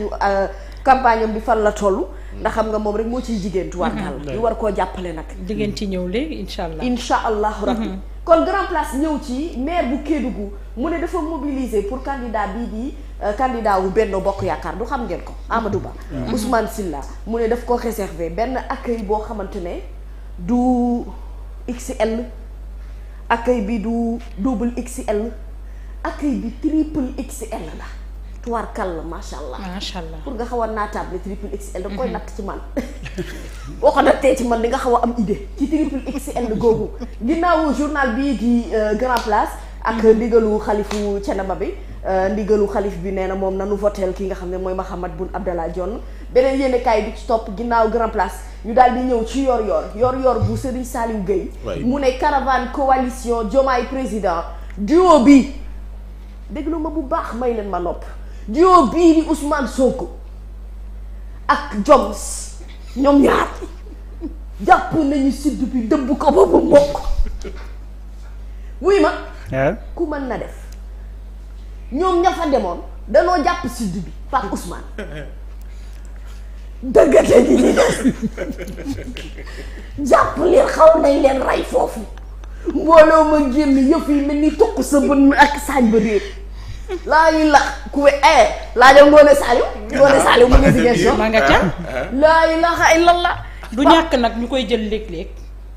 Euh, campagne bi fan la toll. ndax xam nga moom rek moo ciy jigéen tuwaarkaal mhm. la ñu war koo jàppale nag jigéen ci ñëw léegi incha allah incha allahu mhm. rabbi kon grand place ñëw ci maire bu Kédougou mu ne dafa mobiliser pour candidat bii di euh, candidat wu benn Bokk Yaakaar du xam ngeen ko amadu Ba mhm. Ousmane Silla mu ne daf ko réserver benn accueil boo xamante ne du XL accueil bi du double XL accueil bi triple XL la tuwaarkal kal macha allah. macha allah pour nga xaw a naataable triple XL. da koy mhm. natt ci man. boo ko nattee ci man di nga xaw a am idée. ci triple XL googu. ginnaawu journal bii di euh, Grand Place. ak mhm. ndigalu xalifu Cenaba bi. Euh, ndigalu xalif bi nee na moom nanu votel ki nga xam ne mooy Mahamad Boun Abdallah Dionne beneen yéene bi ci topp ginnaaw Grand Place ñu daal di ñëw ci yoor yor yor yor yor bu Serigne Saliou Gueye mu ne caravane coalition Diomaye président duo bi déglu ma bu baax may leen ma nopp duo bii di Ousmane Sonko ak Joms ñoom ñaar jàpp nañu sud bi dëbb ko ba mu mokk wuy ma eh? ku mën na def ñoom ña fa demoon danoo jàpp sud bi par Ousmane dëggate ñi ñi des jàpp leen xaw nañ leen rey foofu mbooloo ma génn yëf mel ni tuq sa bën ak saañ ba réer laay eh, ah, ah, ah, la ku we eh laajoo Ngoone Saliou. Ngoone Saliou mu ngi si gestion ma nga ca. laa ilaaha illallah. ñàkk nag ñu koy jël léeg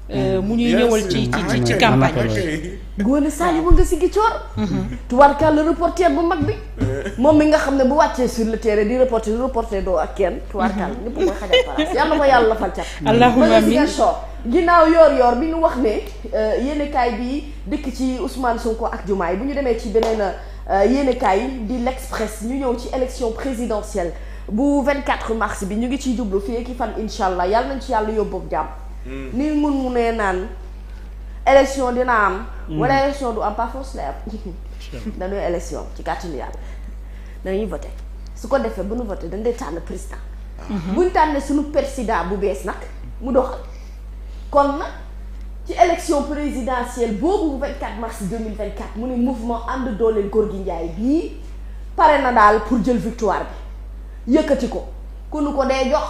euh, hmm. mu ñuy ci ci ci campagne bi. Ngoone Saliou mu nga si gicoor. Mhm. tubaarkaal le reporter bu mag bi. Eh. moom mi nga xam ne bu wàccee sur le tere di reporter di reporter doo ak kenn. tubaarkaal ñëpp mooy xajal place yàlla ko yàlla lafal cat. allahumma amiin ginnaaw yoor-yoor bi ñu wax ne euh, yéen kaay bi dëkk ci Ousmane Sonko ak yi bu ñu demee ci beneen. Euh, yéenekaay yi di l'Express ñu ñëw ci élection présidentielle bu 24 mars bi ñu ngi ciy jublu fii ki fan incha allah yàlla nañ ci yàlla yóbbu ak jàmm. Hmm. ni mun mu nee naan élection dina am. Hmm. wala élection du am pas force lay am. dañuy élection ci kàttanu yàlla dañuy voté su ko defee bu nu voté dañ dee tànn président. Ah. buñ tànnee suñu président bu bees nag mu doxal kon nag. ci élection présidentielle boobu 24 mars 2024 mu ne mouvement ànd dooleel góor gi njaay bii pare na daal pour jël victoire bi yëkkati ko ku nu ko dee jox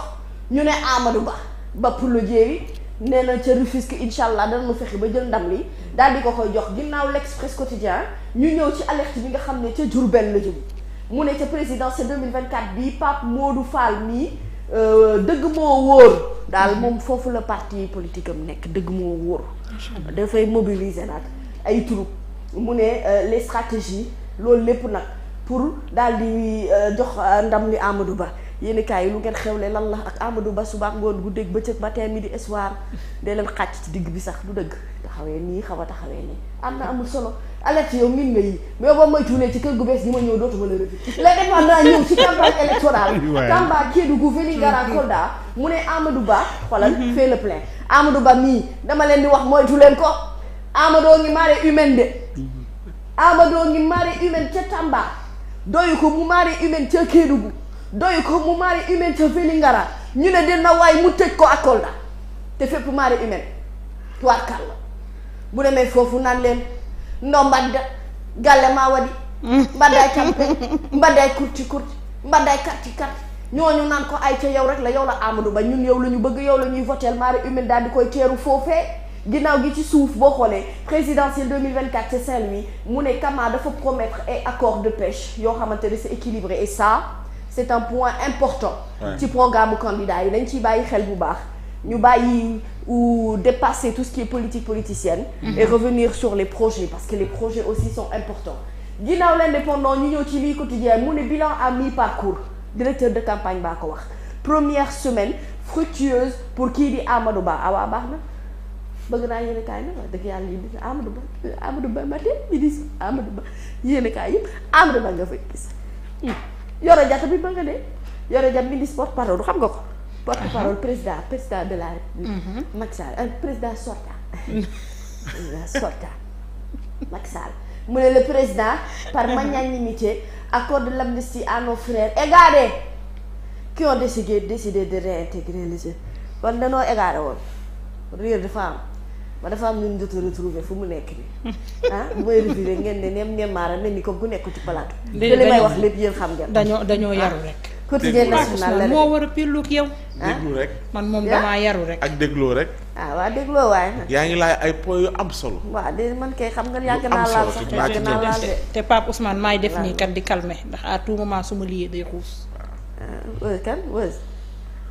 ñu ne Amadou Ba ba pour le jéeri nee na ca Rufisque incha allah dana fexe ba jël ndam li daal di ko koy jox ginnaaw l'Express quotidien ñu ñëw ci alerte bi nga xam ne ca benn la jëm mu ne ca président ca 2024 bii Pape Modou Fall mii. Euh, dëgg moo wóor daal moom foofu la parti politique am nekk dëgg moo wóor dafay mobiliser nag ay troupe mu ne euh, les stratégies loolu lépp nag pour daal di euh, jox ndam li Amadou Ba yéen kaay yi lu ngeen xewle lan la ak Amadou Ba suba ak ba guddeeg bëccëg matin midi di soir dee leen xàcc ci digg bi sax du dëgg taxawee nii xaw a taxawee nii am na amul solo alerte yow min nga yi mais ba may tuulee ci kër gu bees gi ma ñëw dootuma la rëdd la dépend naa ñëw ci campagne électorale Tamba Kédougou Vélingara Kolda mu ne Amadou Ba xoolal mm-hmm. fait le plein Amadou Ba mii dama leen di wax moytu leen ko Amadou ngi marée humaine de mm-hmm. Amadou ngi marée humaine ca Tamba doyu ko mu marée humaine ca Kédougou doyu ko mu marée humaine ca Vélingara ñu ne dina waay mu tëj ko ak Kolda te fépp marée humaine tuwaarkal la bu demee foofu naan leen ndo mbadda gàlle maa wadi mbaddaay campe mbaddaay kurti kurti mbaddaay karti karti ñooñu naan ko ay ca yow rek la yow la Amadou Ba ñun yow la ñu bëgg yow la ñuy votel marée humaine daal di koy teeru foofee ginnaaw gi ci suuf boo xoolee présidentielle 2024 ca Saint-Louis mu ne Kama dafa promettre ay de pêche yoo xamante ne c'est équilibré et c'est un point important ci programme candidat yi dañ ciy bàyyi xel bu baax ñu bàyyi ou dépasser tout ce qui est politique politicienne mhm. et revenir sur les projets parce que les projets aussi sont importants ginnaaw l'indépendant ñu ñëw ci lii quotidien mu ne bilan à mi-parcours directeur de campagne baa ko wax première semaine fructueuse pour kii di Amadou Ba awaa baax naa yéen dëgg yàlla yi di Amadou Ba Amadou Ba matin midi Amadou Ba yéen a kaay yëpp Amadou Ba nga fay Yoro jat tamit ba nga ne Yoro Dia ministre porte parole xam nga ko. porte parole président président de la mhm. République. Macky euh, président sortant. président sortant Macky mu ne le président par magnanimité accorde l'amnistie à nos frères égarés qui ont décidé décidé de réintégrer les jeunes kon danoo égaré woon réer dafa am. ba dafa am ñun jot a retrouver fu mu nekk nii ah bu ngeen ne nem nemaara mel ni ko gu nekk ci palaatu te li may wax lépp dañoo dañoo yaru rek ah, quotidien national la moo war a pirluuk yow ah. déglu rek man moom damaa yaru rek ak dégloo rek ah waa yaa ngi laaj ay point yu am solo waaw man kay xam nga yàgg naa laal sax yàgg naa laal de te Pape Ousmane maay def nii kat di calmer ndax à tout moment su ma liyee day xuus ah,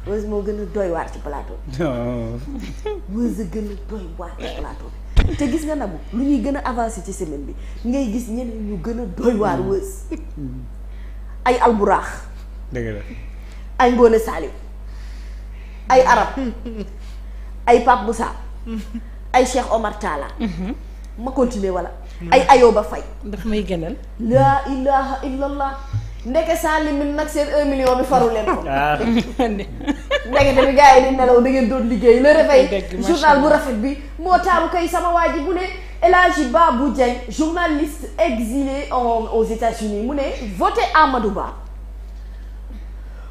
Weuz moo gën a doy waar ci plateau bi. Weuz a gën a doy ci plateau bi. te gis nga nabu lu ñuy gën a avancé ci semaine bi ngay gis ñeneen ñu gën a doy waar Weuz. Hmm. ay alburaax. ay Ngoone Saliw ay arab ay Pape Moussa ay Cheikh Omar Talla. Hmm. ma continuer wala. Hmm. ay Ayoba Faye. daf may gënal. laa ilaha illallah. ndeke sans limite nag seen 1 million bi faru leen ko. Ah. ndeke tamit gars yi nelaw da ngeen doon liggéey le réveil journal bu rafet bi moo taamu kay sama waa ji bu ne El Hadji Babou Diagne journaliste exilé aux États-Unis mu ne voter Amadou Ba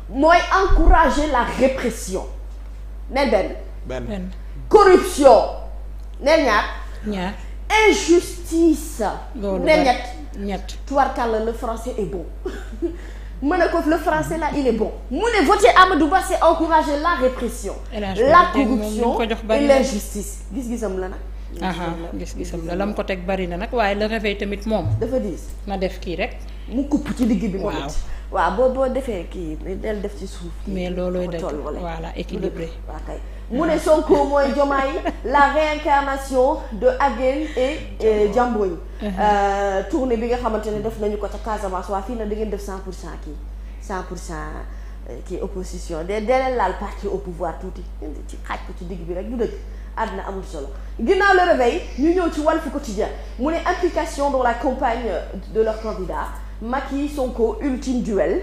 mooy encourager la répression neen benn. corruption neen ñaar. injustice. loolu ñett. ñett tubarkàlla le français est bon ma ne ko la français là il est bon mu ne voter Amadou Ba c'est encourager la répression la corruption et l'injustice gis-gisam la nag aha gis-gisam la la lam ko teg bari na nag waaye la réveil tamit moom dafa diis na def kii rek mu kupp ci digg bi moom it waaw boo boo defee kii def ci suuf. mais loolooy daj voilà équilibré waaw kay mu ne Sonko mooy Diomaye la réincarnation de Aguel et Diamboye uh-huh. euh, tournée bi nga xamante ne def nañu ko ca Casamance waa fii nag da ngeen def 100 pour cent kii 100 pour cent euh, kii opposition de deleen laal parti au pouvoir tuuti ci xaaj ko ci digg bi rek du dëkk àddina amul solo ginnaaw le réveil ñu ñëw ci Walf Quotidien mu ne implication dans la campagne de leur candidat Macky Sonko ultime duel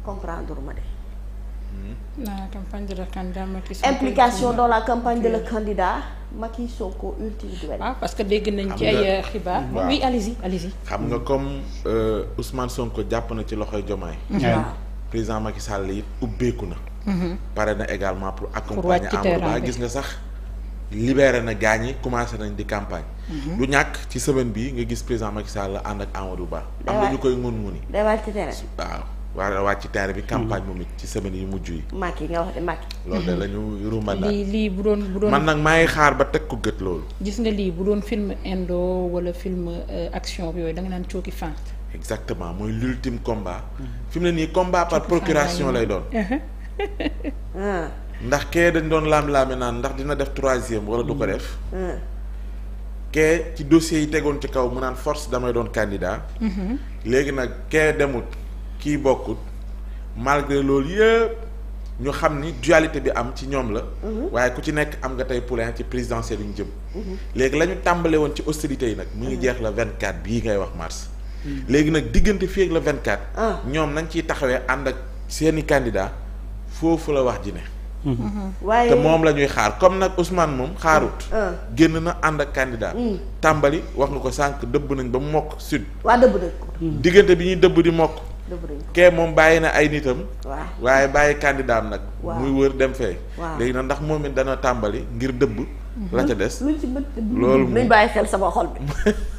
comprendre ma de. dans la campagne de la candidat Macky Sonko implication campagne de le candidat Macky Sonko ultime duel. Ah, parce que dégg nañ ci ay euh, xibaar. oui allez-y xam nga comme euh, Ousmane Sonko jàpp na ci loxoy Diomaye. waaw président Macky Sall it ubbeeku na. Mhm. pare na également pour accompagner Amadou Ba gis nga sax. libéré na gaañ yi commencé nañ di campagne. du mhm. ñàkk ci semaine bi nga gis président Macky la ànd ak Amadou Ba. am na ñu koy ngun-nguni. day wàcc a terrain waaw. wàcc ci terrain bi mhm. campagne moom it ci semaine yu mujj yi. yi nga wax de Macky. loolu de la ñu ruumal lii lii bu doon bu doon man nag maa ngi xaar ba teg ko gët loolu. gis nga lii bu doon film indo wala film euh, action yooyu da nga naan cooki fin. exactement mooy l'ultime combat. Mhm. fi mu ne nii combat par lay doon. Ah. ndax kee dañ doon laam-laame naan ndax dina def troisième wala du ko def kee ci dossier yi tegoon ci kaw mu naan force damay doon candidat léegi nag kee demut kii bokkut malgré loolu yëpp ñu xam ni dualité bi am ci ñoom la mhm. waaye ku ci nekk am nga tey poulain ci présidentielle yu ñu jëm mhm. léegi la ñu tàmbale woon ci austérité yi nag mu ngi mhm. jeex la vingt quatre bii ngay wax mars léegi nag diggante fii ak la vingt quatre ah. ñoom nañ ciy taxawee ànd ak seeni candidat foofu la wax ji ne Mm-hmm. waaye te moom la ñuy xaar comme nag Ousmane moom xaarut. Mm. Euh. génn na ànd ak candidat. Mm. tàmbali wax nga ko sànq dëbb nañ ba mokk sud. waa dëbb nañ mm. diggante bi ñuy dëbb di mokk. kee moom bàyyi na ay nitam. waaye bàyyi candidat am nag. muy wër dem fee. léegi nag ndax moom it dana tàmbali ngir dëbb. Mm-hmm. la ca des loolu moom nañ bàyyi xel sama xol bi.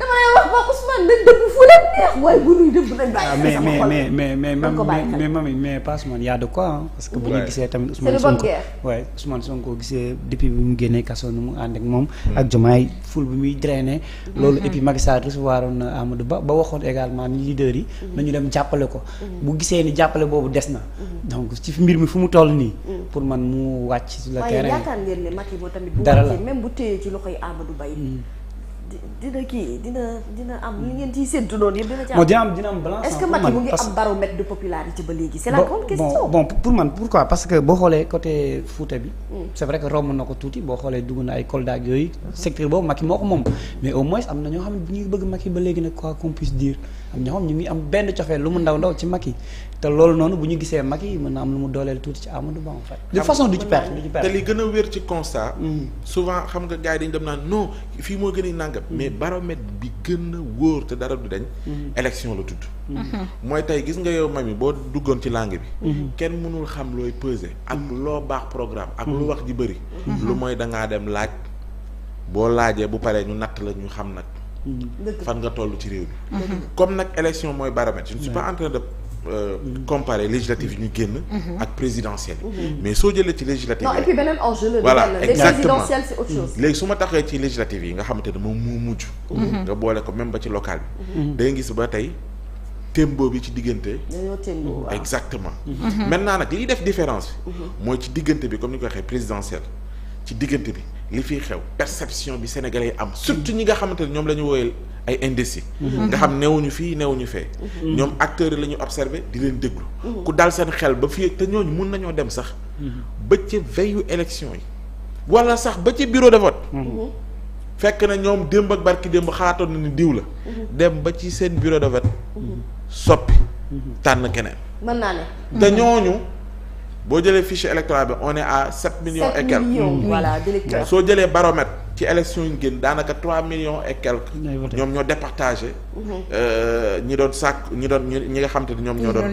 dama lay wax waa Ousmane dëbb fu leen neex waaye bu ñuy dëbb nañ bàyyi ah, mais mais mais mais mais mami mais pas man y a de quoi parce que bu ñu gisee tamit Ousmane Sonko waaye Ousmane Sonko gisee depuis bi mu génnee kaso nu mu ànd ak moom ak Diomaye ful bi muy drainer mm-hmm. loolu et puis Macky Sall na Amadou Ba ba waxoon également ni leader yi mm-hmm. nañu dem jàppale ko mm-hmm. bu gisee ni jàppale boobu des na donc ci fi mbir mi fu mu toll nii pour man mu wàcc sur le la même bu téye ci Ba dina kii dina dina am li ngeen ciy séntu noonu yëpp dina ci am. dina am est-ce mu ngi am baromètre de popularité ba léegi. c'est la grande question pour man parce que boo xoolee côté Fouta bi. Mm. c'est vrai que romb na ko tuuti boo xoolee dugg na ay Kolda ak yooyu. secteur boobu Macky moo ko moom mais au moins am na ñoo xam ne bu ñuy bëgg Macky ba léegi nag quoi qu'on puisse dire. ñoom ñoo xam ñu ngi am benn cofeel lu mu ndaw ndaw ci mag yi te loolu noonu bu ñu gisee yi mën na am lu mu dooleel tuuti ci Amadou Ba en fait de façon du ci perte du ci te li gën a wér ci constat mm-hmm. souvent xam nga gars yi dañu dem naan non fii moo gën a nàngam mm-hmm. mais baromètre bi gën a wóor te dara du dañ mm-hmm. élection la tudd mooy tey gis nga yow mami boo duggoon ci langue bi kenn mënul xam looy peser ak loo baax programme ak lu wax ji bëri lu mooy dangaa dem laaj boo laajee bu paree ñu natt la ñu xam nag fan nga toll ci réew mi comme nag élection mooy baromètre je ne pas en de Euh, mmh. comparer législative yi ñu génn mm-hmm. ak présidentielle mmh. mais soo jëlee ci législative non et puis beneen enjeu mm-hmm. su ma taxee ci législative yi nga xamante ne moom moo mujj mm-hmm. nga boole ko même ba ci local bi da nga gis ba tey tembo bi ci diggante exactement mmh. maintenant nag liy def différence bi mooy ci diggante bi comme ni ko waxee présidentielle ci diggante bi li fiy xew perception bi sénégalais yi am surtout ñi nga xamante ne ñoom la ñu ay indécis nga xam neewuñu fii newuñu fee ñoom acteurs yi la ñu observé di leen déglu ku dal seen xel ba fii te ñooñu mun nañoo dem sax ba ca veillu élection yi wala sax ba ci bureau de vote fekk na ñoom démb ak barki démb xalaatoon na ni diw la dem ba ci seen bureau de vote soppi tànn keneen mën naa ne te ñooñu boo jëlee fichier électoral bi on est à million millions mm. soo jëlee baromètre ci élection yu gën daanaka trois millions et quelques ñoom ñoo départagé mm-hmm. euh, ñi doon sàkk ñi doon ñi nga xam te ne ñoom ñoo doon